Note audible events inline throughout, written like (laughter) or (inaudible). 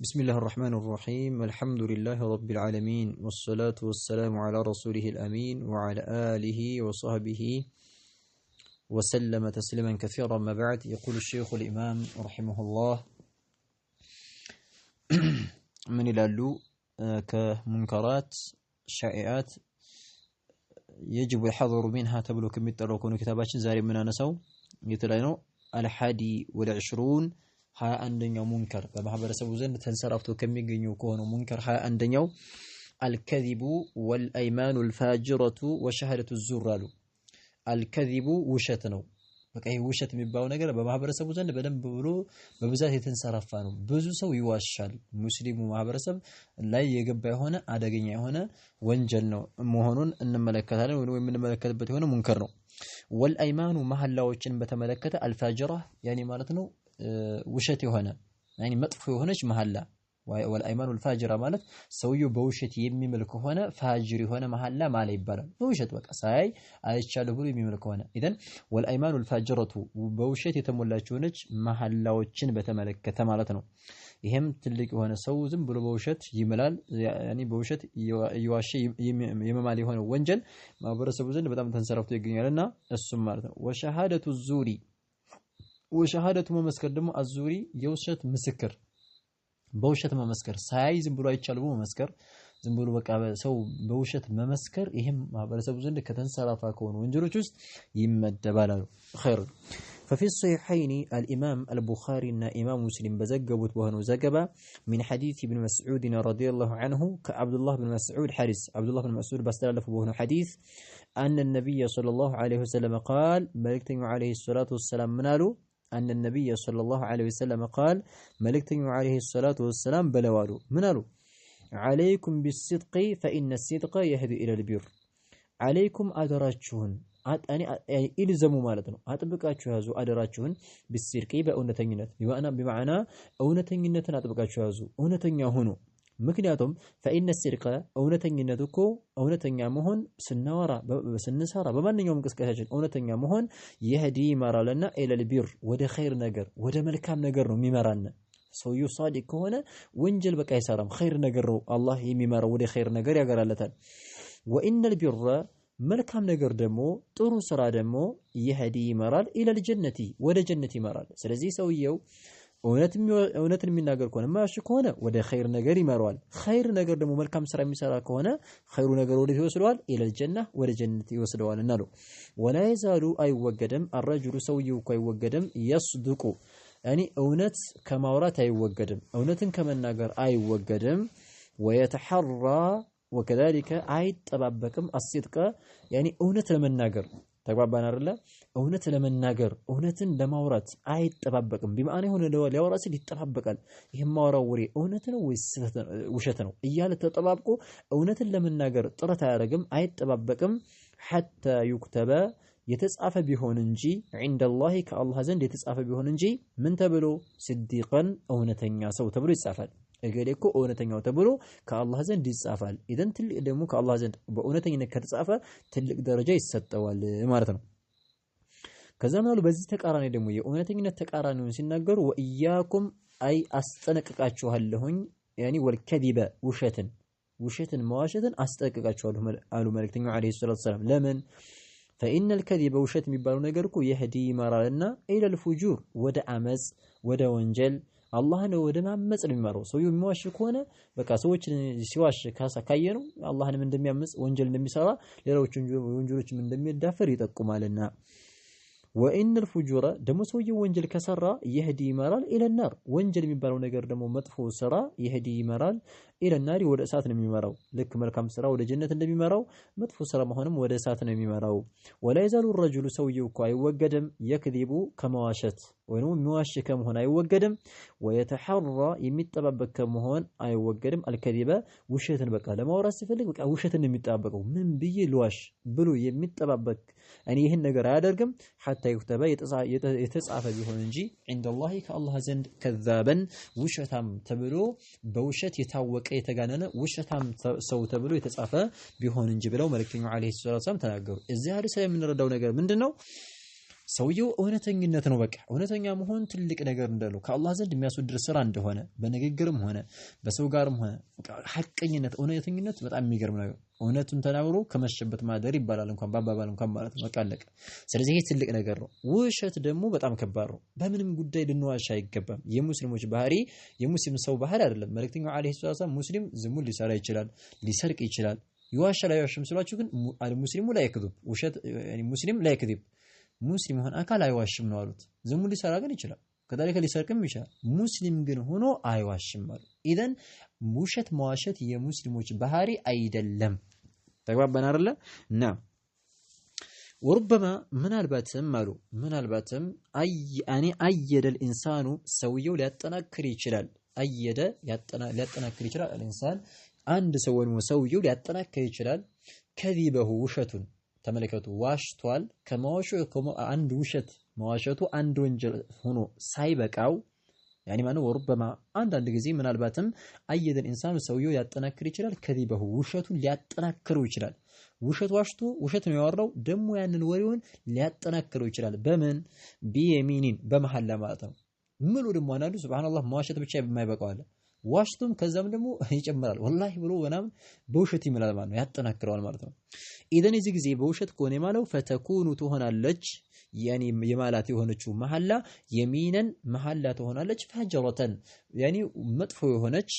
بسم الله الرحمن الرحيم الحمد لله رب العالمين والصلاة والسلام على رسوله الأمين وعلى آله وصحبه وسلم تسليما كثيرا ما بعد يقول الشيخ الإمام رحمه الله (clears throat) من الألو آه، كمنكرات شائعات يجب الحذر منها تبلو كمية الركون كتابات زاري من أنسو يتلينو الحادي والعشرون ሀያ አንደኛው ሙንከር በማህበረሰቡ ዘንድ ተንሰራፍቶ ከሚገኘው ከሆነው ሙንከር ሀያ አንደኛው አልከዚቡ ወልአይማኑ ልፋጅረቱ ወሸሃደቱ ዙር አሉ። አልከዚቡ ውሸት ነው። በቃ ይህ ውሸት የሚባለው ነገር በማህበረሰቡ ዘንድ በደንብ ብሎ በብዛት የተንሰራፋ ነው። ብዙ ሰው ይዋሻል። ሙስሊሙ ማህበረሰብ ላይ የገባ የሆነ አደገኛ የሆነ ወንጀል ነው መሆኑን እንመለከታለን። ወይ የምንመለከትበት የሆነ ሙንከር ነው። ወልአይማኑ መሀላዎችን በተመለከተ አልፋጅራ ያኔ ማለት ነው ውሸት የሆነ መጥፎ የሆነች መሐላ ወልአይማኑ ልፋጅራ ማለት ሰውየው በውሸት የሚምል ከሆነ ፋጅር የሆነ መሐላ ማለ ይባላል። በውሸት በቃ ሳይ አይቻለሁ ብሎ የሚምል ከሆነ ኢዘን ወልአይማኑ ልፋጅረቱ በውሸት የተሞላች የሆነች መሐላዎችን በተመለከተ ማለት ነው። ይሄም ትልቅ የሆነ ሰው ዝም ብሎ በውሸት ይምላል። በውሸት እየዋሸ የመማል የሆነ ወንጀል ማህበረሰቡ ዘንድ በጣም ተንሰራፍቶ ይገኛልና እሱም ማለት ነው ወሸሃደቱ ዙሪ وشهادة ممسكر دمو أزوري يوشت مسكر بوشت በውሸት መመስከር ሳያይ ዝም ብሎ አይቻልም መመስከር ዝም ብሎ በቃ ሰው በውሸት መመስከር ይሄም ማህበረሰቡ ዘንድ ከተንሰራፋ ከሆኑ ወንጀሎች ውስጥ يمد አሉ خير ففي الصحيحين الإمام البخاري إن إمام مسلم بزقب وتبهن وزقب من حديث ابن مسعود رضي الله عنه كعبد الله بن مسعود حارس عبد الله بن مسعود بستلف بهنو حديث أن النبي صلى الله عليه وسلم قال ملكتني عليه الصلاة والسلام منالو أن النبي صلى الله عليه وسلم قال ملكتني عليه الصلاة والسلام بلوالو منالو عليكم بالصدق فإن الصدق يهدي إلى البر عليكم أدراتشون أني يعني يعني إلزموا مالتنا أتبقاتشو هزو أدراتشون بأونة بأونتنينت بمعنى بمعنى أتبقى أتبقاتشو أونة تنينة هنو ምክንያቱም ፈኢነ ሲድቀ እውነተኝነት እኮ እውነተኛ መሆን ስናወራ፣ ስንሰራ፣ በማንኛውም እንቅስቃሴያችን እውነተኛ መሆን የህዲ ይመራልና ኢለል ወደ ኸይር ነገር ወደ መልካም ነገር ነው የሚመራን። ሰውዬው ሷዲቅ ከሆነ ወንጀል በቃ አይሰራም። ኸይር ነገር ነው አላህ የሚመራው ወደ ኸይር ነገር ያገራለታል። ወኢነል ቢረ መልካም ነገር ደግሞ ጥሩ ስራ ደግሞ የህዲ ይመራል ኢለል ወደ ጀነት ይመራል። ስለዚህ ሰውየው እውነትን የሚናገር ከሆነ ማያሽ ከሆነ ወደ ኸይር ነገር ይመራዋል። ኸይር ነገር ደግሞ መልካም ስራ የሚሰራ ከሆነ ኸይሩ ነገር ወደ ይወስደዋል፣ ኢለል ጀና ወደ ጀነት ይወስደዋል። እናሉ ወላ የዛሉ አይወገደም፣ አረጅሉ ሰውየው እኮ አይወገደም፣ የስዱቁ ያኒ እውነት ከማውራት አይወገድም፣ እውነትን ከመናገር አይወገድም። ወየተሐራ ወከዛሊከ አይጠባበቅም፣ አስጥቀ ያኒ እውነት ለመናገር ተግባባን አይደለ? እውነት ለመናገር እውነትን ለማውራት አይጠባበቅም። ቢማአን የሆነ ሊያወራ ሲል ይጠባበቃል። ይህ ማውራው ወሬ እውነት ነው ወይስ ውሸት ነው እያለ ተጠባብቆ እውነትን ለመናገር ጥረት አያደርግም፣ አይጠባበቅም። ሐታ ዩክተበ የተጻፈ ቢሆን እንጂ ዒንደላሂ ከአላህ ዘንድ የተጻፈ ቢሆን እንጂ ምን ተብሎ ስዲቀን እውነተኛ ሰው ተብሎ ይጻፋል። እገሌ እኮ እውነተኛው ተብሎ ከአላህ ዘንድ ይጻፋል። ኢደን ትልቅ ደግሞ ከአላህ ዘንድ በእውነተኝነት ከተጻፈ ትልቅ ደረጃ ይሰጠዋል ማለት ነው። ከዛ ምናሉ በዚህ ተቃራኒ ደግሞ የእውነተኝነት ተቃራኒውን ሲናገሩ ወእያኩም አይ አስጠነቅቃችኋለሁኝ ያኒ ወልከዲበ ውሸትን ውሸትን መዋሸትን አስጠነቅቃችኋለሁ አሉ መልእክተኛው ዓለይሂ ሰላቱ ወሰላም። ለምን ፈኢነል ከዚበ ውሸት የሚባለው ነገር እኮ የህዲ ይመራልና ኢለል ፉጁር ወደ አመፅ ወደ ወንጀል አላህን ወደ ማመጽ ነው የሚመራው። ሰውየው የሚዋሽ ከሆነ በቃ ሰዎች ሲዋሽ ካሳካየ ነው አላህንም እንደሚያምጽ ወንጀል እንደሚሰራ ሌሎች ወንጀሎችም እንደሚዳፈር ይጠቁማልና ወኢነል ፉጁረ ደግሞ ሰውየው ወንጀል ከሰራ የህዲ ይመራል ኢለናር። ወንጀል የሚባለው ነገር ደግሞ መጥፎ ስራ የህዲ ይመራል ኢለናር፣ ወደ እሳት ነው የሚመራው። ልክ መልካም ስራ ወደ ጀነት እንደሚመራው መጥፎ ስራ መሆንም ወደ እሳት ነው የሚመራው። ወላ ይዛሉ ረጅሉ ሰውየው እኮ አይወገደም፣ የክዚቡ ከመዋሸት ወይ የሚዋሽ ከመሆን አይወገድም። ወየተሐራ የሚጠባበቅ ከመሆን አይወገድም። አልከዚበ ውሸትን በቃ ለማውራት ሲፈልግ በቃ ውሸትን የሚጠባበቀው ምን ብዬ ልዋሽ ብሎ የሚጠባበቅ እኔ ይህን ነገር አያደርግም ሐታ ይክተበ የተጻፈ ቢሆን እንጂ ዒንደላሂ ከአላህ ዘንድ ከዛበን ውሸታም ተብሎ በውሸት የታወቀ የተጋነነ ውሸታም ሰው ተብሎ የተጻፈ ቢሆን እንጂ ብለው መልእክተኛው ዓለይሂ ሰላም ተናገሩ። እዚህ ሀዲስ ላይ የምንረዳው ነገር ምንድን ነው? ሰውየው እውነተኝነት ነው። በቃ እውነተኛ መሆን ትልቅ ነገር እንዳለው ከአላህ ዘንድ የሚያስወድር ስራ እንደሆነ በንግግርም ሆነ በሰው ጋርም ሆነ ሐቀኝነት፣ እውነተኝነት በጣም የሚገርም ነገር እውነቱን ተናግሮ ከመሸበት ማደር ይባላል እንኳን በአባባል እንኳን ማለት ነው። በቃ አለቀ። ስለዚህ ይሄ ትልቅ ነገር ነው። ውሸት ደግሞ በጣም ከባድ ነው። በምንም ጉዳይ ልንዋሽ አይገባም። የሙስሊሞች ባህሪ የሙስሊም ሰው ባህሪ አይደለም። መልእክተኛው ዓለይሂ ሰላቱ ወሰላም ሙስሊም ዝሙት ሊሰራ ይችላል፣ ሊሰርቅ ይችላል። ይዋሻል አይዋሽም ስሏችሁ ግን ሙስሊሙ ላይ ውሸት ሙስሊም ላይ ሙስሊም ሆነ አካል አይዋሽም ነው አሉት። ዝሙት ሊሰራ ግን ይችላል፣ ከዛሊከ ሊሰርቅም ይችላል። ሙስሊም ግን ሆኖ አይዋሽም አሉ። ኢዘን ውሸት መዋሸት የሙስሊሞች ባህሪ አይደለም። ተግባባን አይደለ? ና ወሩበማ ምናልባትም አሉ ምናልባትም አኔ አየደል ኢንሳኑ ሰውየው ሊያጠናክር ይችላል። አየደ ሊያጠናክር ይችላል። አልኢንሳን አንድ ሰው ወይም ሰውየው ሊያጠናክር ይችላል። ከዚበሁ ውሸቱን ተመለከቱ ዋሽቷል። ከመዋሸቱ አንድ ውሸት መዋሸቱ አንድ ወንጀል ሆኖ ሳይበቃው ያኒ ማነው ወሩበማ አንዳንድ ጊዜ ምናልባትም አየደን ኢንሳን ሰውየው ያጠናክር ይችላል። ከዚበሁ ውሸቱን ሊያጠናክረው ይችላል። ውሸት ዋሽቶ ውሸት ነው ያወራው፣ ደግሞ ያንን ወሬውን ሊያጠናክረው ይችላል። በምን ቢየሚኒን በመሐላ ማለት ነው። ምሉ ደግሞ አንዳንዱ ሱብሃነላህ መዋሸት ብቻ የማይበቃው አለ ዋሽቱም ከዛም ደግሞ (laughs) ይጨምራል ወላሂ ብሎ ምናምን በውሸት ይምላል ማለት ነው፣ ያጠናክረዋል ማለት ነው። ኢዘን የዚህ ጊዜ በውሸት ከሆነ የማለው ፈተኩኑ ትሆናለች ያኒ የማላት የሆነችው መሐላ የሚነን መሐላ ትሆናለች። ፈጀረተን ያኒ መጥፎ የሆነች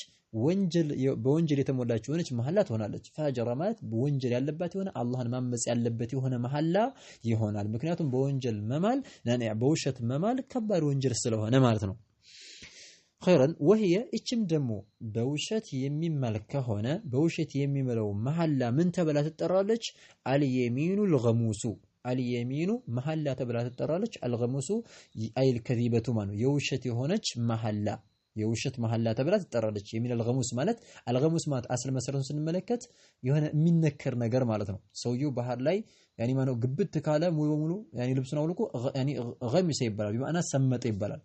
ወንጀል በወንጀል የተሞላች የሆነች መሐላ ትሆናለች። ፈጀራ ማለት ወንጀል ያለባት የሆነ አላህን ማመጽ ያለበት የሆነ መሐላ ይሆናል። ምክንያቱም በወንጀል መማል በውሸት መማል ከባድ ወንጀል ስለሆነ ማለት ነው። ረን ወህየ እችም ደግሞ በውሸት የሚመል ከሆነ በውሸት የሚምለው መሀላ ምን ተብላ ትጠራለች? አልየሚኑ አልገሙሱ አልየሚኑ መሀላ ተብላ ትጠራለች። አልገሙሱ አይል ከዚበቱ ማለት የውሸት የሆነች መሀላ የውሸት መሀላ ተብላ ትጠራለች። የሚል አልገሙስ ማለት አልገሙስ ማለት አስል መሰረቱን ስንመለከት የሆነ የሚነከር ነገር ማለት ነው። ሰውየው ባህር ላይ ያኔ ማነው ግብት ካለ ሙሉ በሙሉ ያኔ ልብሱን አውልቆ ያኔ ገሚሰ ይባላል። ቢማዕና ሰመጠ ይባላል።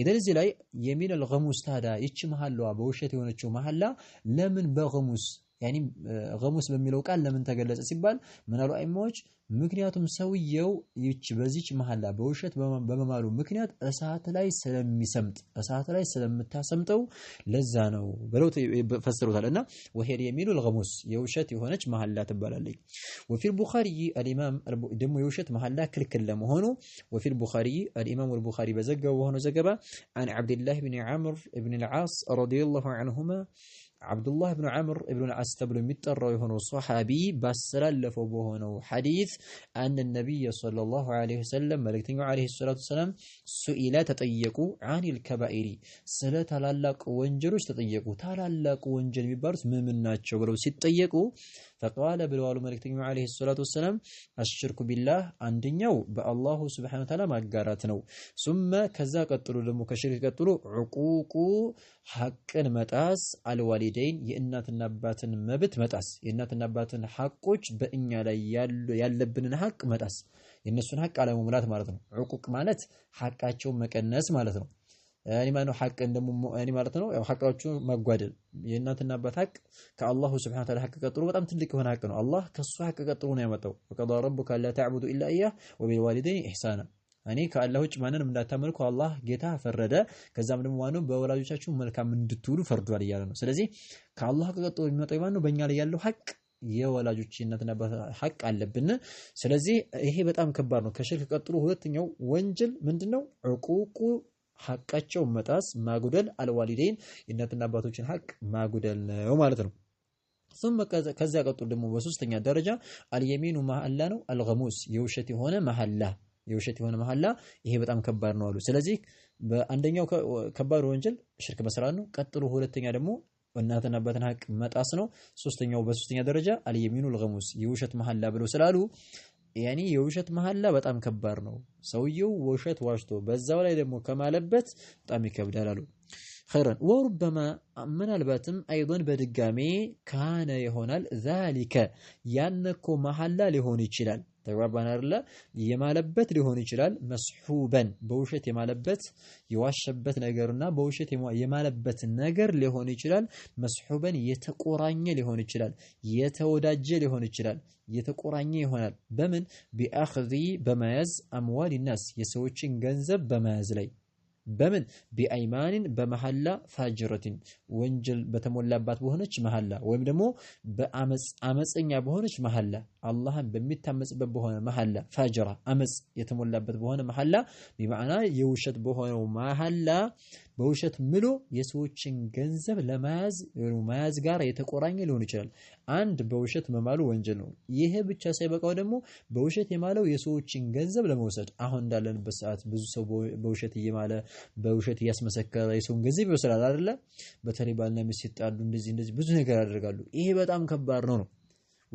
የደዚህ ላይ የሚነል ገሙስ ታዳ ይቺ መሐላዋ በውሸት የሆነችው መሐላ ለምን በገሙስ يعني غموس بميلو قال لمن تغلص سيبال من قالوا ايموچ مكنياتهم سويو يچ بزيچ محلا بوشت بممالو مكنيات اسات لاي سلميسمط اسات لاي سلمتاسمطو لذا نو بلوت فسروتالنا وهير يميلو الغموس يوشت يهونچ محلا تبالالي وفي البخاري الامام دم يوشت محلا كلكل لمهونو وفي البخاري الامام البخاري بزقه وهونو زقبه عن عبد الله بن عمرو بن العاص رضي الله عنهما عبد الله بن عمرو ابن العاص تبلو متر يهون صحابي بس لفوا بهون حديث أن النبي صلى الله عليه وسلم ملك عليه الصلاة والسلام سئل تطيقوا عن الكبائر سلا تلالك وانجلوش تطيقوا تلالك وانجل ببرس من مناتش ولو ፈቃለ ብለዋሉ መልእክተኛው ዓለይሂ ሰላቱ ወሰላም አሽርኩ ቢላህ አንደኛው በአላሁ ስብሐነ ወተዓላ ማጋራት ነው። ሱመ ከዛ ቀጥሎ ደግሞ ከሽርክ ቀጥሎ ዕቁቁ ሐቅን መጣስ አልዋሊደይን የእናትና አባትን መብት መጣስ የእናትና አባትን ሐቆች በእኛ ላይ ያለብንን ሐቅ መጣስ የእነሱን ሐቅ አለመሙላት ማለት ነው። ዕቁቅ ማለት ሐቃቸውን መቀነስ ማለት ነው። ኒማነው ሐቅ ደግሞ እኔ ማለት ነው ያው ሐቃዎቹ መጓደል የእናትና አባት ሐቅ ከአላሁ ስብሐነሁ ወተዓላ ሐቅ ቀጥሎ በጣም ትልቅ የሆነ ሐቅ ነው። አላህ ከሱ ሐቅ ቀጥሎ ነው ያመጣው። ወቀዳ ረቡከ አላ ተዕቡዱ ኢላ ኢያህ ወቢልዋሊደይኒ ኢሕሳና እኔ ከአላህ ውጭ ማንንም እንዳታመልኩ አላህ ጌታ ፈረደ። ከዛም ደግሞ ዋነው በወላጆቻችሁ መልካም እንድትውሉ ፈርዷል እያለ ነው። ስለዚህ ከአላህ ሐቅ ቀጥሎ የሚመጣው የማነው በእኛ ላይ ያለው ሐቅ የወላጆች እናትና አባት ሐቅ አለብን። ስለዚህ ይሄ በጣም ከባድ ነው። ከሽርክ ቀጥሎ ሁለተኛው ወንጀል ምንድነው? ዕቁቁ ሐቃቸው መጣስ ማጉደል አልዋሊደይን የእናትና አባቶችን ሐቅ ማጉደል ነው ማለት ነው። ثم ከዚያ ቀጥሎ ደግሞ በሶስተኛ ደረጃ አልየሚኑ መሐላ ነው። አልገሙስ የውሸት የሆነ መሐላ የውሸት የሆነ መሐላ ይሄ በጣም ከባድ ነው አሉ። ስለዚህ በአንደኛው ከባድ ወንጀል ሽርክ መስራት ነው። ቀጥሎ ሁለተኛ ደግሞ እናትና አባትን ሐቅ መጣስ ነው። ሶስተኛው በሶስተኛ ደረጃ አልየሚኑ አልገሙስ የውሸት መሐላ ብለው ስላሉ ያኔ የውሸት መሐላ በጣም ከባድ ነው። ሰውየው ውሸት ዋሽቶ በዛው ላይ ደግሞ ከማለበት በጣም ይከብዳል አሉ። ኸይረን ወሩበማ ምናልባትም አይዶን በድጋሜ ካነ ይሆናል ዛሊከ ያነኮ መሐላ ሊሆን ይችላል ተግባባን አይደለ? የማለበት ሊሆን ይችላል መስሁበን በውሸት የማለበት የዋሸበት ነገርና በውሸት የማለበት ነገር ሊሆን ይችላል። መስሁበን የተቆራኘ ሊሆን ይችላል፣ የተወዳጀ ሊሆን ይችላል፣ የተቆራኘ ይሆናል። በምን ቢአኽዚ በመያዝ አምዋል ናስ የሰዎችን ገንዘብ በመያዝ ላይ በምን ቢአይማንን በመሐላ ፋጅረትን ወንጀል በተሞላባት በሆነች መሐላ ወይም ደግሞ በአመፀኛ በሆነች መሐላ አላህን በሚታመጽበት በሆነ መሐላ ፋጅራ አመጽ የተሞላበት በሆነ መሐላ ቢማዕና የውሸት በሆነው መሐላ በውሸት ምሎ የሰዎችን ገንዘብ ለመያዝ መያዝ ጋር የተቆራኘ ሊሆን ይችላል። አንድ በውሸት መማሉ ወንጀል ነው። ይሄ ብቻ ሳይበቃው ደግሞ በውሸት የማለው የሰዎችን ገንዘብ ለመውሰድ አሁን እንዳለንበት ሰዓት ብዙ ሰው በውሸት እየማለ በውሸት እያስመሰከረ የሰውን ገንዘብ ይወስዳል አይደለ? በተለይ ባልና ሚስት ሲጣሉ እንደዚህ እንደዚህ ብዙ ነገር ያደርጋሉ። ይሄ በጣም ከባድ ነው ነው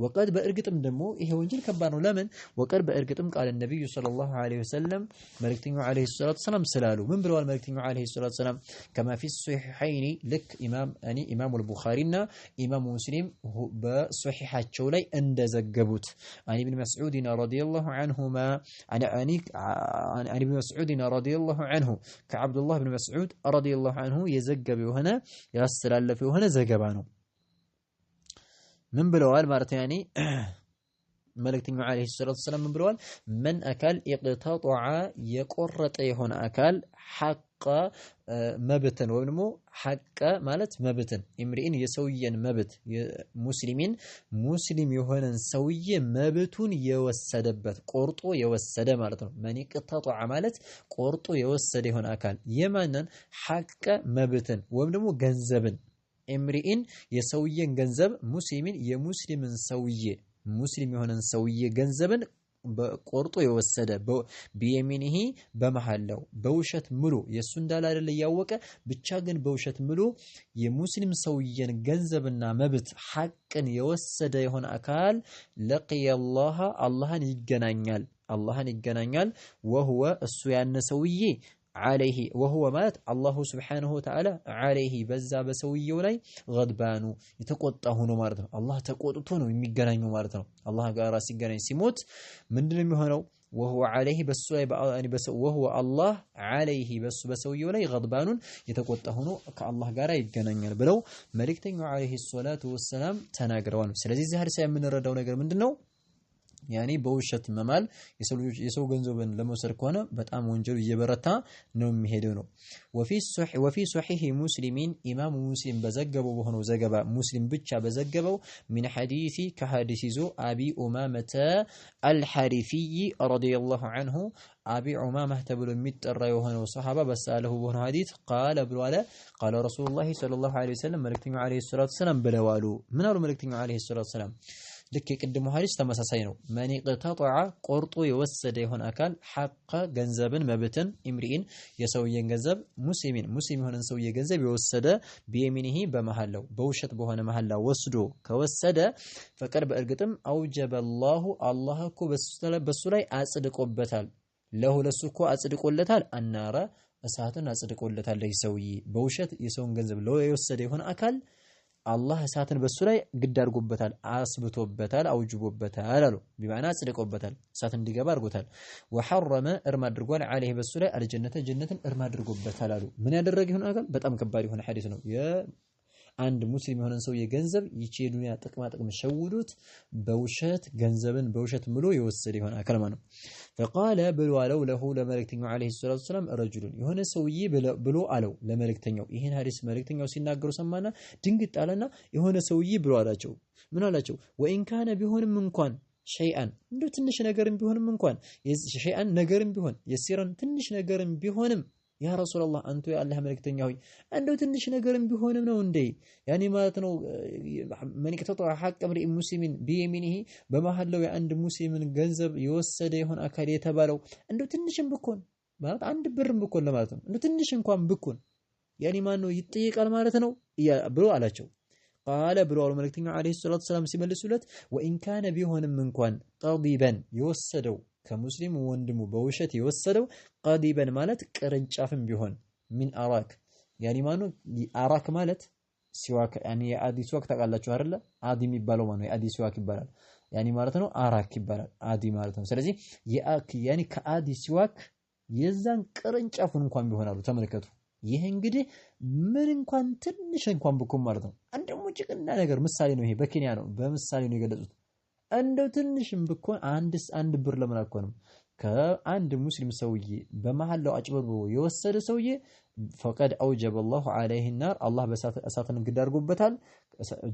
وقد بأرقتم دمو إيه وينجل كبارو لمن وقد بأرقتم قال النبي صلى الله عليه وسلم ملكتينو عليه الصلاة والسلام سلالو من بروا الملكتينو عليه الصلاة والسلام كما في الصحيحين لك إمام أني يعني إمام البخارينا إمام مسلم هو بصحيحة شولي أندى زقبوت أني بن مسعودنا رضي الله عنه ما أنا أني أني بن مسعودنا رضي الله عنه كعبد الله بن مسعود رضي الله عنه يزقبه هنا يسلال له هنا زقبانه من بلوال مرة يعني (clears throat) ملك تنمو عليه الصلاة والسلام من بلوال من أكل إقتطع يقرط هنا أكل حق آه، مبتن ونمو حق مالت مبتن امرئين يسويا مبت مسلمين مسلم يهنا سوي مبتون يوسدبت قرطو يوسد مالتو من إقتطع مالت قرطو يوسد هنا أكل يمنا حق مبتن ونمو جنزبن ኤምሪኢን የሰውዬን ገንዘብ ሙስሊሚን የሙስሊምን ሰውዬ ሙስሊም የሆነን ሰውዬ ገንዘብን ቆርጦ የወሰደ ቢየሚኒሂ በመሐላው በውሸት ምሎ የእሱ እንዳለ አይደለ እያወቀ ብቻ ግን በውሸት ምሎ የሙስሊም ሰውዬን ገንዘብና መብት ሐቅን የወሰደ የሆነ አካል ለቅየ አላህ አላህን ይገናኛል አላህን ይገናኛል ወህወ እሱ ያነ ሰውዬ ዓለይሂ ወሁወ ማለት አላሁ ስብሓንሁ ወተዓላ ዓለይሂ በዛ በሰውየው ላይ ገድባኑ የተቆጣ ሆኖ ማለት ነው። አላህ ተቆጥቶ ነው የሚገናኙ ማለት ነው። አላህ ጋር ሲገናኝ ሲሞት ምንድን ነው የሚሆነው? ወሁወ ዓለይሂ በሱ ላይ ወሁወ አላህ ዓለይሂ በሱ በሰውየው ላይ ገድባኑን የተቆጣ ሆኖ ከአላህ ጋር ይገናኛል ብለው መልእክተኛው ዓለይሂ ሰላቱ ወሰላም ተናግረዋል። ስለዚህ እዚህ ሀዲስ የምንረዳው ነገር ምንድን ነው? يعني بوشت ممال يسوي جنزو بن لموسر كونه بتأم ونجرو يبرتا نوم مهدونه وفي صح وفي صحيح مسلمين إمام مسلم بزجبو بهنو زجبا مسلم بتشا بزجبو من حديث كحديث زو أبي أمامة الحرفي رضي الله عنه أبي عمامة تبلو ميت الرأيوهن وصحابة بس قاله حديث قال بلوالا قال رسول الله صلى الله عليه وسلم ملكتين عليه الصلاة والسلام بلوالو من أول ملكتين عليه الصلاة والسلام ልክ የቅድሙ ሀዲስ ተመሳሳይ ነው። መን ቅተጠዐ ቆርጦ የወሰደ የሆነ አካል ሐቀ ገንዘብን መብትን ኢምሪኢን የሰውየን ገንዘብ ሙስሊሚን ሙስሊም የሆነን ሰውየ ገንዘብ የወሰደ ቢየሚኒሂ በመሐላው በውሸት በሆነ መሐላ ወስዶ ከወሰደ ፈቀድ በእርግጥም አውጀበላሁ አላህ እኮ በሱ ላይ አጽድቆበታል። ለሁ ለሱ እኮ አጽድቆለታል አናረ እሳትን አጽድቆለታል። ለዚህ ሰውዬ በውሸት የሰውን ገንዘብ የወሰደ የሆነ አካል አላህ እሳትን በሱ ላይ ግድ አድርጎበታል፣ አስብቶበታል፣ አውጅቦበታል አሉ። ቢማዕና አጽድቆበታል፣ እሳት እንዲገባ አድርጎታል። ወሐረመ እርም አድርጓል፣ ዐለይሂ በሱ ላይ አልጀነተ ጀነትን እርም አድርጎበታል አሉ። ምን ያደረገ ይሆን? በጣም ከባድ የሆነ ሐዲስ ነው። አንድ ሙስሊም የሆነን ሰው የገንዘብ ይቺ የዱንያ ጥቅማ ጥቅም ሸውዶት በውሸት ገንዘብን በውሸት ምሎ የወሰደ የሆነ አካል ማለት ነው። ፈቃለ ብሎ አለው ለሁ ለመልእክተኛው ዓለይሂ ሰላቱ ወሰላም ረጁሉን የሆነ ሰውዬ ብሎ አለው ለመልእክተኛው። ይህን ሀዲስ መልእክተኛው ሲናገሩ ሰማና ድንግጥ አለና የሆነ ሰውዬ ብሎ አላቸው። ምን አላቸው? ወኢንካነ ቢሆንም እንኳን ሸይአን እንደ ትንሽ ነገርም ቢሆንም እንኳን ሸይአን ነገርም ቢሆን የሲረን ትንሽ ነገርም ቢሆንም ያ ረሱላላህ አንቱ የአላህ መልክተኛ ሆይ እንደው ትንሽ ነገርም ቢሆንም ነው እንዴ ያኔ ማለት ነው መን ቅተጠዐ ሐቅ ምርኢን ሙስሊሚን ቢየሚኒሂ በመሐላው የአንድ ሙስሊምን ገንዘብ የወሰደ የሆነ አካል የተባለው እንደው ትንሽም ብኮን ማለት አንድ ብርም ብኮን ለማለት ነው እንደው ትንሽ እንኳን ብኮን ያኔ ማን ነው ይጠየቃል ማለት ነው ብሎ አላቸው። ቃለ ብሎ አሉ መልእክተኛው ዐለይሂ ሰላቱ ወሰላም ሲመልሱለት ወኢን ቢሆንም እንኳን ጠቢበን የወሰደው ከሙስሊም ወንድሙ በውሸት የወሰደው ቀዲበን ማለት ቅርንጫፍም ቢሆን ሚን አራክ ያኒ ማኑ አራክ ማለት ሲዋክ ያኒ የአዲ ሲዋክ ታውቃላችሁ አይደለ? አዲ የሚባለው ማነው? የአዲ ሲዋክ ይባላል። ያኒ ማለት ነው አራክ ይባላል። አዲ ማለት ነው። ስለዚህ የአክ ያኒ ከአዲ ሲዋክ የዛን ቅርንጫፉን እንኳን አሉ። ተመልከቱ። ይህ እንግዲህ ምን እንኳን ትንሽ እንኳን ብኩም ማለት ነው። አንድ ጭቅና ነገር ምሳሌ ነው። ይሄ በኬንያ ነው። በምሳሌ ነው የገለጹት። እንደው ትንሽም ብኮን አንድስ አንድ ብር ለምን አልኮንም ከአንድ ሙስሊም ሰውዬ በመሐላው አጭበርብሮ የወሰደ ሰውዬ ፈቀድ አውጀበ ላሁ ዐለይሂ ናር አላህ እሳትን ግድ አድርጎበታል።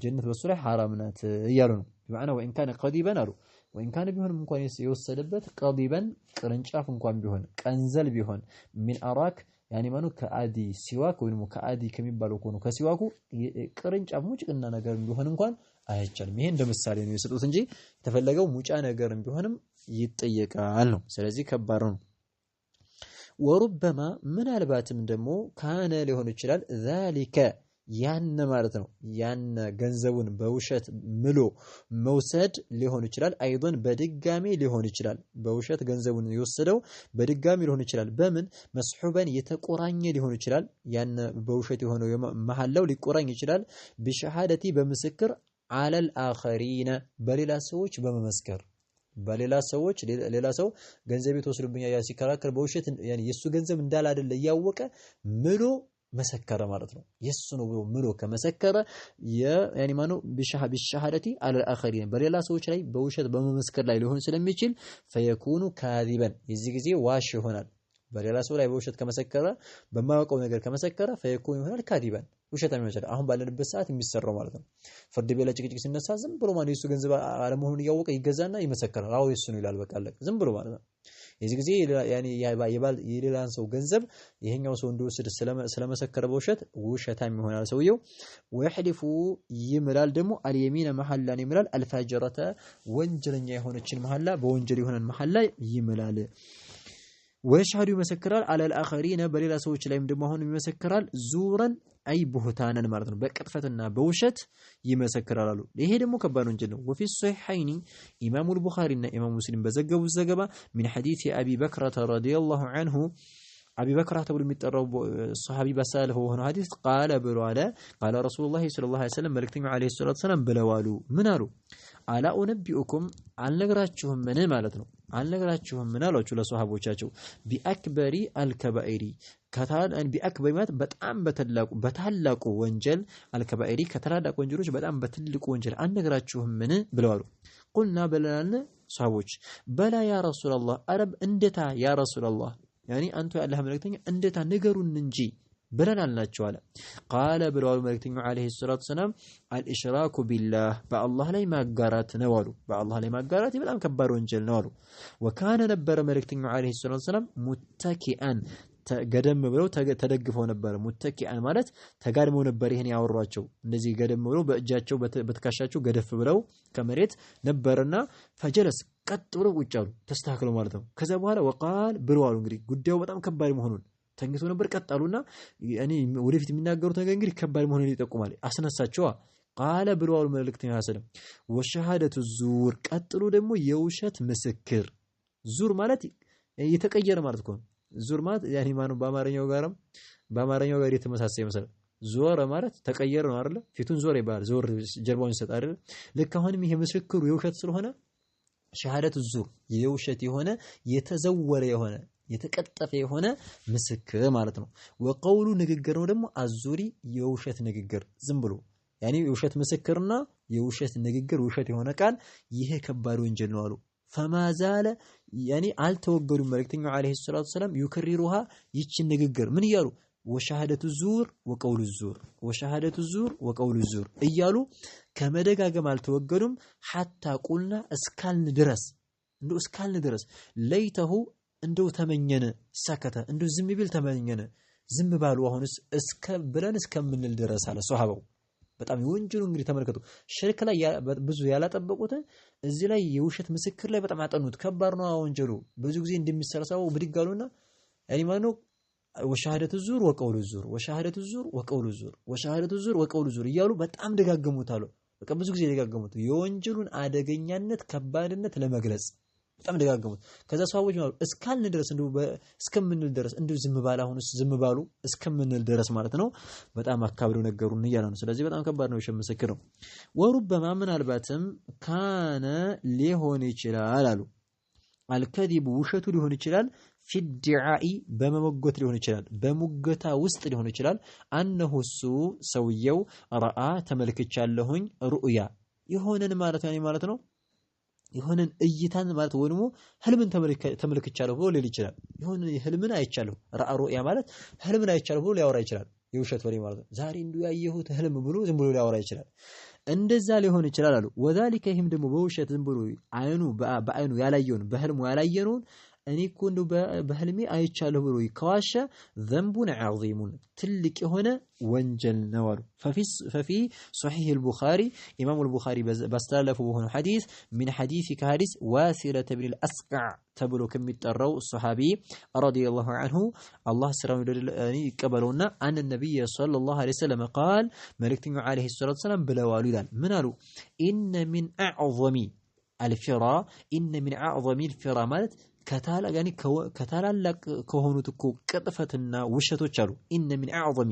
ጀነት በሱ ላይ ሐራም ናት እያሉ ነው። በመዓና ወኢን ካነ ቀዲበን አሉ ወኢን ካነ ቢሆንም እንኳን የወሰደበት ቀዲበን ቅርንጫፍ እንኳን ቢሆን ቀንዘል ቢሆን ሚን አራክ ያኔ ማኑ ከአዲ ሲዋክ ወይም ከአዲ ከሚባለው ከሆኑ ከሲዋኩ ቅርንጫፍ ሙጭቅና ነገር ቢሆን እንኳን አይቻልም። ይሄ እንደ ምሳሌ ነው የሰጡት እንጂ የተፈለገው ሙጫ ነገር ቢሆንም ይጠየቃል ነው። ስለዚህ ከባድ ነው። ወሩበማ ምናልባትም ደግሞ ካነ ሊሆን ይችላል ዛሊከ ያነ ማለት ነው ያነ ገንዘቡን በውሸት ምሎ መውሰድ ሊሆን ይችላል። አይዶን በድጋሚ ሊሆን ይችላል። በውሸት ገንዘቡን የወሰደው በድጋሚ ሊሆን ይችላል። በምን መስሑበን የተቆራኘ ሊሆን ይችላል። ያነ በውሸት የሆነው መሐላው ሊቆራኝ ይችላል። ብሸሃደቲ በምስክር አለል አኸሪነ በሌላ ሰዎች በመመስከር በሌላ ሰዎች ሌላ ሰው ገንዘብ ተወስዶብኛል ያ ሲከራከር በውሸት የሱ ገንዘብ እንዳለ አይደለ እያወቀ ምሎ መሰከረ ማለት ነው። የእሱ ነው ብሎ ምሎ ከመሰከረ ማነው ቢሻሃደቲ አለል አኸሪነ በሌላ ሰዎች ላይ በውሸት በመመስከር ላይ ሊሆን ስለሚችል ፈየኩኑ ካዚበን የዚህ ጊዜ ዋሽ ይሆናል። በሌላ ሰው ላይ በውሸት ከመሰከረ በማያውቀው ነገር ከመሰከረ ፈየኩኑ ይሆናል ካዚበን ውሸት የሚመስል አሁን ባለንበት ሰዓት የሚሰራው ማለት ነው። ፍርድ ቤት ላይ ጭቅጭቅ ሲነሳ ዝም ብሎ ማለት የሱ ገንዘብ አለመሆኑን እያወቀ ይገዛና ይመሰከራል። አዎ የሱ ነው ይላል። በቃ አለቀ። ዝም ብሎ ማለት ነው። የዚህ ጊዜ የሌላን ሰው ገንዘብ ይሄኛው ሰው እንደወሰደ ስለመሰከረ በውሸት ውሸታም ይሆናል ሰውየው። ወይሕሊፉ ይምላል ደግሞ አልየሚነ መሐላን ይምላል አልፋጀረተ ወንጀለኛ የሆነችን መሐላ በወንጀል የሆነን መሐላ ይምላል። ويشهدوا يمسكرال على الآخرين بليلا سويتش لهم دموهون يمسكرال زوراً أي بهتانا مرضنا بكتفتنا بوشت يمسكر لالو ليه دمو كبار جنو وفي الصحيحين إمام البخاري إن إمام مسلم بزقب الزقبة من حديث أبي بكرة رضي الله عنه أبي بكرة تقول ميت الرب الصحابي بساله هو هنا حديث قال برو قال رسول الله صلى الله عليه وسلم ملكتم عليه الصلاة والسلام بلوالو منارو አላ ኡነቢኡኩም ምን ማለት ነው። አልነግራችሁምን አሏችሁ ለሰሃቦቻቸው ቢአክበሪ አልከባኢሪ ቢአክበሪ ማለት በጣም በታላቁ ወንጀል አልከባኢሪ ከታላላቅ ወንጀሎች በጣም በትልቁ ወንጀል አልነግራችሁምን ብለዋሉ። ቁልና በለናል ሰሃቦች በላ ያ ረሱላላህ አረብ እንዴታ ያ ረሱላላህ ያኒ አንተ የአላህ መልእክተኛ እንዴታ ንገሩን እንጂ بلن الناتشوالا قال بروال ملكتين عليه الصلاة والسلام الإشراك بالله با الله لي ما قرات نوالو با الله لي ما قرات بلان كبار ونجل نوالو وكان نبر ملكتين عليه الصلاة والسلام متكئا قدم بلو تدقفو نبر متكئا مالت تقارمو نبر هني عورواتشو نزي قدم بلو بأجاتشو بتكاشاتشو قدف بلو كمريت نبرنا فجلس قد ولو وجعلو تستحقلو مالتهم كذا بوالا وقال بروالو قدوا بطعم كبار مهنون ተኝቶ ነበር። ቀጣሉና እኔ ወደፊት የሚናገሩት ነገር እንግዲህ ከባድ መሆኑን ይጠቁማል። አስነሳቸዋ ቃለ ብለዋል መልእክተኛ ሰለም ወሸሃደቱ ዙር። ቀጥሎ ደግሞ የውሸት ምስክር ዙር ማለት የተቀየረ ማለት እኮ ነው። ዙር ማለት ያኔ ማኑ በአማርኛው ጋርም በአማርኛው ጋር የተመሳሳይ መሰለ ዞረ ማለት ተቀየረ ነው አይደለ? ፊቱን ዞር ይባላል። ዞር ጀርባውን ይሰጥ አይደለ? ልክ አሁንም ይሄ ምስክሩ የውሸት ስለሆነ ሸሃደቱ ዙር የውሸት የሆነ የተዘወረ የሆነ የተቀጠፈ የሆነ ምስክር ማለት ነው። ወቀውሉ ንግግር ነው ደግሞ አዙሪ የውሸት ንግግር ዝም ብሎ ያኔ የውሸት ምስክርና የውሸት ንግግር ውሸት የሆነ ቃል ይሄ ከባድ ወንጀል ነው አሉ። ፈማዛለ ያኔ አልተወገዱም። መልእክተኛው ዓለይሂ ሰላቱ ወሰላም ዩክሪሩሃ ይችን ንግግር ምን እያሉ ወሻሃደቱ ዙር ወቀውሉ ዙር ወሻሃደቱ ዙር ወቀውሉ ዙር እያሉ ከመደጋገም አልተወገዱም። ሐታ ቁልና እስካልን ድረስ እንዶ እስካልን ድረስ ለይተሁ እንደው ተመኘን ሰከተ እንደው ዝም ቢል ተመኘን ዝም ባሉ አሁንስ እስከ ብለን እስከምንል ድረስ አለ ሶሃባው። በጣም የወንጀሉ እንግዲህ ተመልከቱ። ሽርክ ላይ ብዙ ያላጠበቁት እዚህ ላይ የውሸት ምስክር ላይ በጣም አጠኑት። ከባድ ነው ወንጀሉ። ብዙ ጊዜ እንደሚሰረሰበው ብድግ አሉና ያኔ ማለት ነው ወሻሃደቱ ዙር ወቀውሉ ዙር ወሻሃደቱ ዙር ወቀውሉ ዙር ወሻሃደቱ ዙር ወቀውሉ ዙር እያሉ በጣም ደጋገሙት አሉ። በቃ ብዙ ጊዜ ደጋገሙት የወንጀሉን አደገኛነት ከባድነት ለመግለጽ በጣም ደጋገሙት። ከዛ ሰዎች ማለት እስካልን ድረስ እንደው እስከምንል ድረስ እንደው ዝም ባለ አሁን ዝም ባሉ እስከምንል ድረስ ማለት ነው። በጣም አካብደው ነገሩን እያለ ነው። ስለዚህ በጣም ከባድ ነው። ሸምስክ ነው። ወሩበማ ምናልባትም ካነ ሊሆን ይችላል አሉ አልከዲቡ ውሸቱ ሊሆን ይችላል። ፊዲዓኢ በመሞገት ሊሆን ይችላል። በሙገታ ውስጥ ሊሆን ይችላል። አነሁ እሱ ሰውየው ረአ ተመልክቻለሁኝ ሩእያ የሆነን ማለት ነው የሆነን እይታን ማለት ወይ ደግሞ ህልምን ተመልክቻለሁ ብሎ ሊል ይችላል። የሆነ ህልምን አይቻለሁ ራእሮያ ማለት ህልምን አይቻለሁ ብሎ ሊያወራ ይችላል። የውሸት ወሬ ማለት ነው። ዛሬ እንዲሁ ያየሁት ህልም ብሎ ዝም ብሎ ሊያወራ ይችላል። እንደዛ ሊሆን ይችላል አሉ። ወዛሊከ ይህም ደግሞ በውሸት ዝም ብሎ አይኑ በአይኑ ያላየውን በህልሙ ያላየነውን أني كون بهلمي أي تشالو بروي كواشا ذنب عظيم تلك هنا وانجل نوار ففي ففي صحيح البخاري إمام البخاري بستالف بهن حديث من حديث كهارس واسرة بن الأسقع تبلو كم الرو الصحابي رضي الله عنه الله سلام يعني كبرونا أن النبي صلى الله عليه وسلم قال ملك عليه الصلاة والسلام بلا والدان منارو إن من أعظم الفرا إن من أعظم الفرا مالت ከታላላቅ ከሆኑት እኮ ቅጥፈትና ውሸቶች አሉ። ኢነ ሚን አዕዘሚ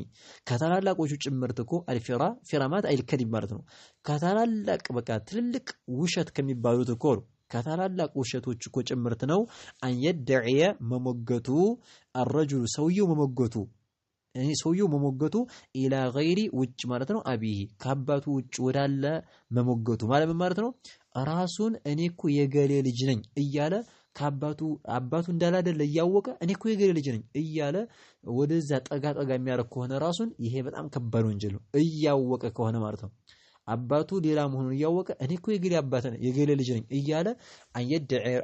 ከታላላቆቹ ጭምርት እኮ አልፊራ ፊራማት ማለት አይልከዲብ ማለት ነው። ከታላላቅ በቃ ትልልቅ ውሸት ከሚባሉት እኮ አሉ። ከታላላቅ ውሸቶች እኮ ጭምርት ነው። አንየደዕየ መሞገቱ አረጁሉ ሰውየው መሞገቱ ሰውየው መሞገቱ ኢላ ገይሪ ውጭ ማለት ነው። አብይ ከአባቱ ውጭ ወዳለ መሞገቱ ማለት ነው። ራሱን እኔ እኮ የገሌ ልጅ ነኝ እያለ ከአባቱ አባቱ እንዳላደለ እያወቀ እኔ እኮ የገሌ ልጅ ነኝ እያለ ወደዛ ጠጋ ጠጋ የሚያደርግ ከሆነ ራሱን ይሄ በጣም ከባድ ወንጀል ነው። እያወቀ ከሆነ ማለት ነው። አባቱ ሌላ መሆኑን እያወቀ እኔ እኮ የገሌ አባት ነኝ የገሌ ልጅ ነኝ እያለ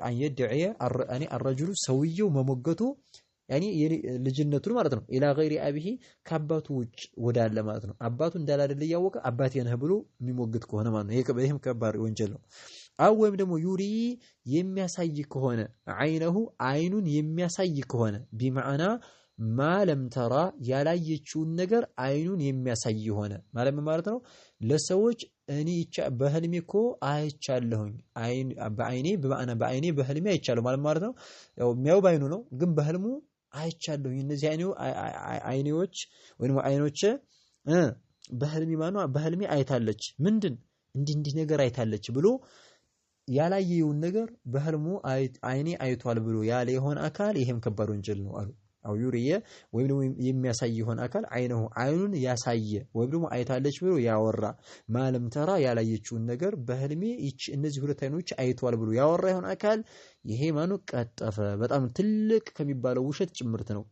አንየድዕየ አረጅሉ ሰውየው መሞገቱ ያኔ ልጅነቱን ማለት ነው። ኢላ ገይሪ አቢሂ ከአባቱ ውጭ ወዳለ ማለት ነው። አባቱ እንዳላደለ እያወቀ አባቴ ነህ ብሎ የሚሞግት ከሆነ ማለት ነው። ይህም ከባድ ወንጀል ነው። አው ወይም ደግሞ ዩሪ የሚያሳይ ከሆነ አይነሁ አይኑን የሚያሳይ ከሆነ ቢመዕና ማለም ተራ ያላየችውን ነገር አይኑን የሚያሳይ የሆነ ማለም ማለት ነው። ለሰዎች እኔ በህልሜ እኮ አይቻለሁኝ በአይኔ በማዕና በአይኔ በህልሜ አይቻለሁ ማለት ነው። ያው የሚያው በአይኑ ነው፣ ግን በህልሙ አይቻለሁኝ እነዚህ አይኔዎች ወይም አይኖች በህልሜ ማነው በህልሜ አይታለች ምንድን እንዲህ እንዲህ ነገር አይታለች ብሎ ያላየውን ነገር በህልሙ አይኔ አይቷል ብሎ ያለ የሆነ አካል ይሄም ከባድ ወንጀል ነው አሉ። አው ዩሪየ ወይም ደግሞ የሚያሳይ የሆነ አካል አይነሁ አይኑን ያሳየ ወይም ደግሞ አይታለች ብሎ ያወራ ማለም ተራ ያላየችውን ነገር በህልሜ ይች እነዚህ ሁለት አይኖች አይቷል ብሎ ያወራ የሆነ አካል ይሄ ማኑ ቀጠፈ በጣም ትልቅ ከሚባለው ውሸት ጭምርት ነው።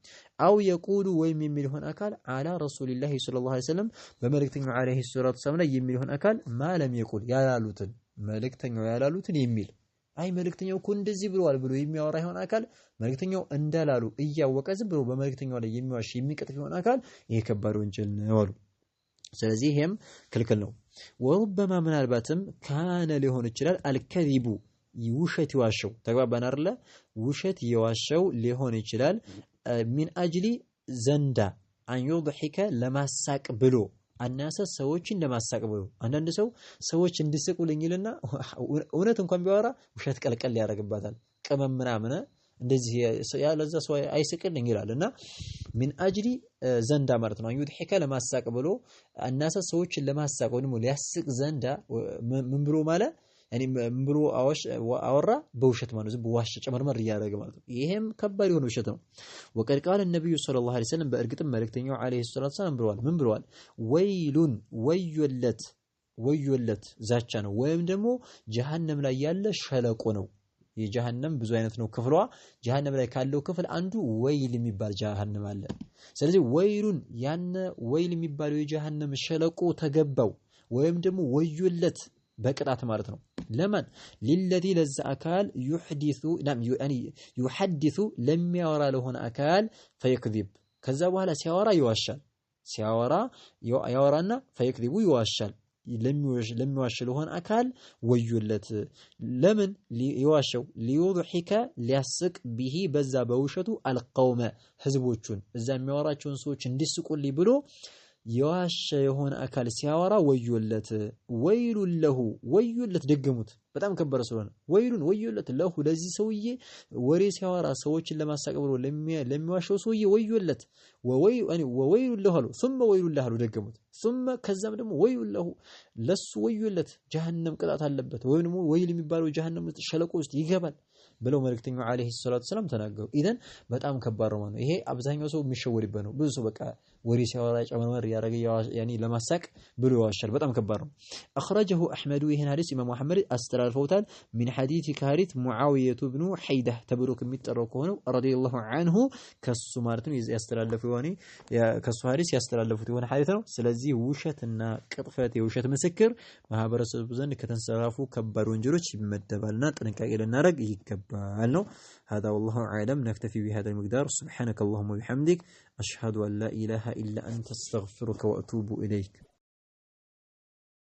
አው የቁሉ ወይም የሚል የሆነ አካል አላ ረሱልላሂ ሰለላሁ ዐለይሂ ወሰለም በመልእክተኛው ዐለይሂ ሰላቱ ወሰላም ላይ የሚል የሆነ አካል ማለም የቁል ያላሉትን መልእክተኛው ያላሉትን የሚል አይ መልእክተኛው እኮ እንደዚህ ብለዋል ብሎ የሚያወራ ይሆን አካል መልእክተኛው እንዳላሉ እያወቀ ዝም ብሎ በመልእክተኛው ላይ የሚዋሽ የሚቀጥፍ ይሆን አካል ይሄ ከባድ ወንጀል ነው አሉ። ስለዚህ ይሄም ክልክል ነው። ወሩበማ ምናልባትም ካነ ሊሆን ይችላል አልከዚቡ ውሸት የዋሸው ተግባባን አይደለ? ውሸት የዋሸው ሊሆን ይችላል ሚን አጅሊ ዘንዳ አንዩድሒከ ለማሳቅ ብሎ አናሰስ ሰዎችን ለማሳቅ በዩ አንዳንድ ሰው ሰዎች እንዲስቁልኝ ይልና እውነት እንኳን ቢያወራ ውሸት ቀልቀል ያደርግባታል። ቅመም ምናምን እንደዚህ ያለዛ ሰው አይስቅልኝ ይላል እና ሚን አጅሊ ዘንዳ ማለት ነው ዩድሒከ ለማሳቅ ብሎ አናሰስ ሰዎችን ለማሳቅ ወይ ሊያስቅ ዘንዳ ምን ብሎ ማለት እኔም ብሎ አወራ በውሸት ማለት ነው። ዋሸ ጨመርመር እያደረገ ማለት ነው። ይሄም ከባድ የሆነ ውሸት ነው። ወቀድ ቃለ ነቢዩ ሰለላሁ ዐለይሂ ወሰለም በእርግጥም መልእክተኛው ዐለይሂ ሰላቱ ወሰላም ብለዋል። ምን ብለዋል? ወይሉን ወዮለት፣ ወዮለት ዛቻ ነው ወይም ደግሞ ጀሀነም ላይ ያለ ሸለቆ ነው። የጀሀነም ብዙ አይነት ነው ክፍሏ። ጀሀነም ላይ ካለው ክፍል አንዱ ወይል የሚባል ጀሀነም አለ። ስለዚህ ወይሉን ያነ ወይል የሚባለው የጀሀነም ሸለቆ ተገባው ወይም ደግሞ ወዮለት بكرات مارتنو لمن للذي لز أكال يحدث نعم يعني يحدث لم يورى لهن أكال فيكذب كذا وهلا سيورى يوشل سيورى يورانا فيكذب ويوشل لم يوش لم يوش لهن أكال ويولت لمن ليوشوا ليوضحك ليسك به بزا بوشتو القوم حزبوتشون زميوراتشون سوتشن ديسكو اللي بلو የዋሸ የሆነ አካል ሲያወራ ወዮለት፣ ወይሉን ለሁ ወዮለት። ደገሙት፣ በጣም ከበረ ስለሆነ ወይሉን ወዮለት፣ ለሁ ለዚህ ሰውዬ ወሬ ሲያወራ ሰዎችን ለማሳቅ ብሎ ለሚዋሸው ሰውዬ ወዮለት። ወወይሉን ለሁ አሉ፣ ሱመ ወይሉን ለሁ አሉ፣ ደገሙት። ሱመ ከዛም ደግሞ ወይሉን ለሁ ለሱ ወዮለት፣ ጀሀነም ቅጣት አለበት፣ ወይም ደግሞ ወይል የሚባለው ጀሀነም ውስጥ ሸለቆ ውስጥ ይገባል ብለው መልእክተኛው ዓለይሂ ሰላቱ ወሰላም ተናገሩ። ኢዘን በጣም ከባድ ነው። ይሄ አብዛኛው ሰው የሚሸወድበት ነው። ብዙ ሰው በቃ ወሬ ሲያወራ ጨመርመር እያደረገ ለማሳቅ ብሎ ይዋሻል። በጣም ከባድ ነው። አኽረጀሁ አሕመዱ ይህን ሐዲስ ኢማም አሕመድ አስተላልፈውታል። ሚን ሐዲት ከሐዲት ሙዓውየቱ ብኑ ሐይዳ ተብሎ ከሚጠራው ከሆነው ረዲየላሁ አንሁ ከሱ ማለት ነው ያስተላለፉ የሆነ ከሱ ሐዲስ ያስተላለፉት የሆነ ሐዲት ነው። ስለዚህ ውሸትና ቅጥፈት የውሸት ምስክር ማህበረሰቡ ዘንድ ከተንሰራፉ ከባድ ወንጀሎች ይመደባልና ጥንቃቄ ልናደርግ ይገባል ነው هذا والله أعلم نكتفي بهذا المقدار سبحانك اللهم وبحمدك أشهد أن لا إله إلا أنت استغفرك وأتوب إليك